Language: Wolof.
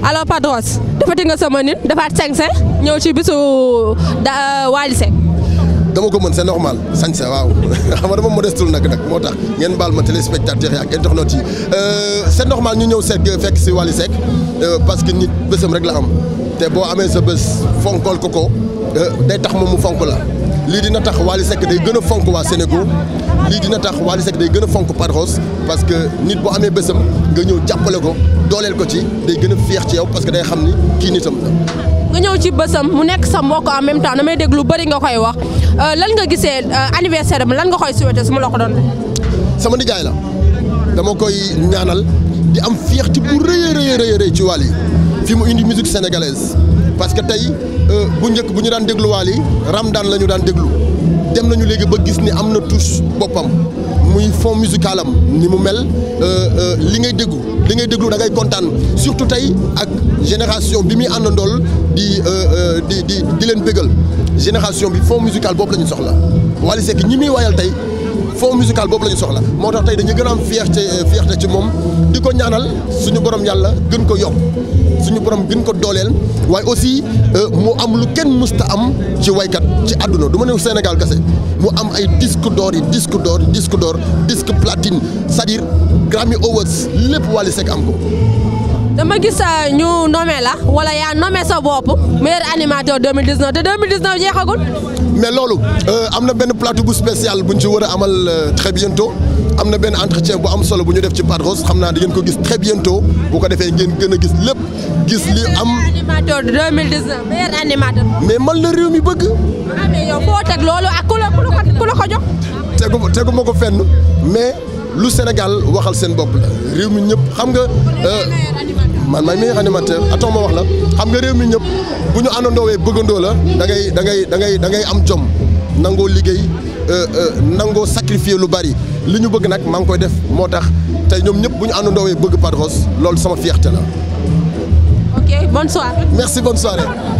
alors Padros defati nga sama nit defaat sañse ñëw ci bisu euh, Wally Seck dama ko mën c'est normal sañse waaw xam nga dama modestul nag nag moo tax ngeen baal ma téléspectateurs yi ak internautes yi euh, c'est normal ñu ñëw sekk fekk si Wally Seck euh, parce que nit bésam rek la am te boo amee sa bés fonkool ko ko day tax moom mu fonk la lii dina tax Wally Seck day gën a fonk waa Sénégal lii dina tax Wally Seck day gën a fonk Padros parce que nit boo amee bésam nga ñëw jàppale ko dooleel ko ci day gën a féex ci yow parce que day xam ni kii nitam la. nga ñëw ci bésam mu nekk sa mbokk en même temps damay dégg lu bëri nga koy wax euh, lan nga gisee euh, anniversaire am lan nga koy si su ma la ko doon. sama nijaay la dama koy ñaanal di am féex ti bu rëy a rëy ci Wally yi fi mu indi musique sénégalaise parce que tey euh, bu njëkk bu ñu daan déglu Wally Ramdan la ñu daan déglu dem nañu léegi ba gis ni am na touche boppam muy fond musical am ni mu mel euh, euh, li ngay déglu li ngay déglu da ngay kontaan surtout tey ak génération bi muy àndandool di di di di leen bégal génération bi fond musical boobu la ñu soxla Wally Seck ñi muy wayal tey fond musical boobu la ñu soxla moo tax tey dañu gën a am fierté fierté ci moom di ko ñaanal suñu boroom yàlla gën ko yokk suñu borom gën ko dooleel waaye aussi euh, mu am lu kenn musta am ci waykat ci àdduna du ma ne Sénégal kese mu am ay disque door yi disque d'or disque d'or disque platine c'est-à-dire Grammy Awards lépp Wally Seck am ko dama gis euh, ñu nommé la wala yaa nommé sa bopp meilleur animateur 2019 te 2019 jeexagul. mais loolu euh, am na benn plateau bu spécial bu ñu ci war a amal euh, très bientôt am na benn entretien bu am solo bu ñu def ci Padros xam naa di ngeen ko gis très bientôt bu ko defee ngeen gën a gis lépp gis li am. animateur 2019 meilleur animateur. mais man la réew mi bëgg. ah foo teg loolu ak ku la ko jox. tegu tegu ma ko fenn lu Sénégal waxal seen bopp la réew mi ñëpp xam nga. Euh, man maay meilleur animateur atoo ma wax la xam nga réew mi ñëpp bu ñu àndandoowee bëggandoo la da ngay da ngay da ngay da ngay am jom nangoo liggéey euh, euh, nangoo sacrifier lu bari li ñu bëgg nag maa ngi koy def moo tax tey ñoom ñëpp bu ñu àndandoowee bëgg Patte Rose loolu sama fierté la. ok bonne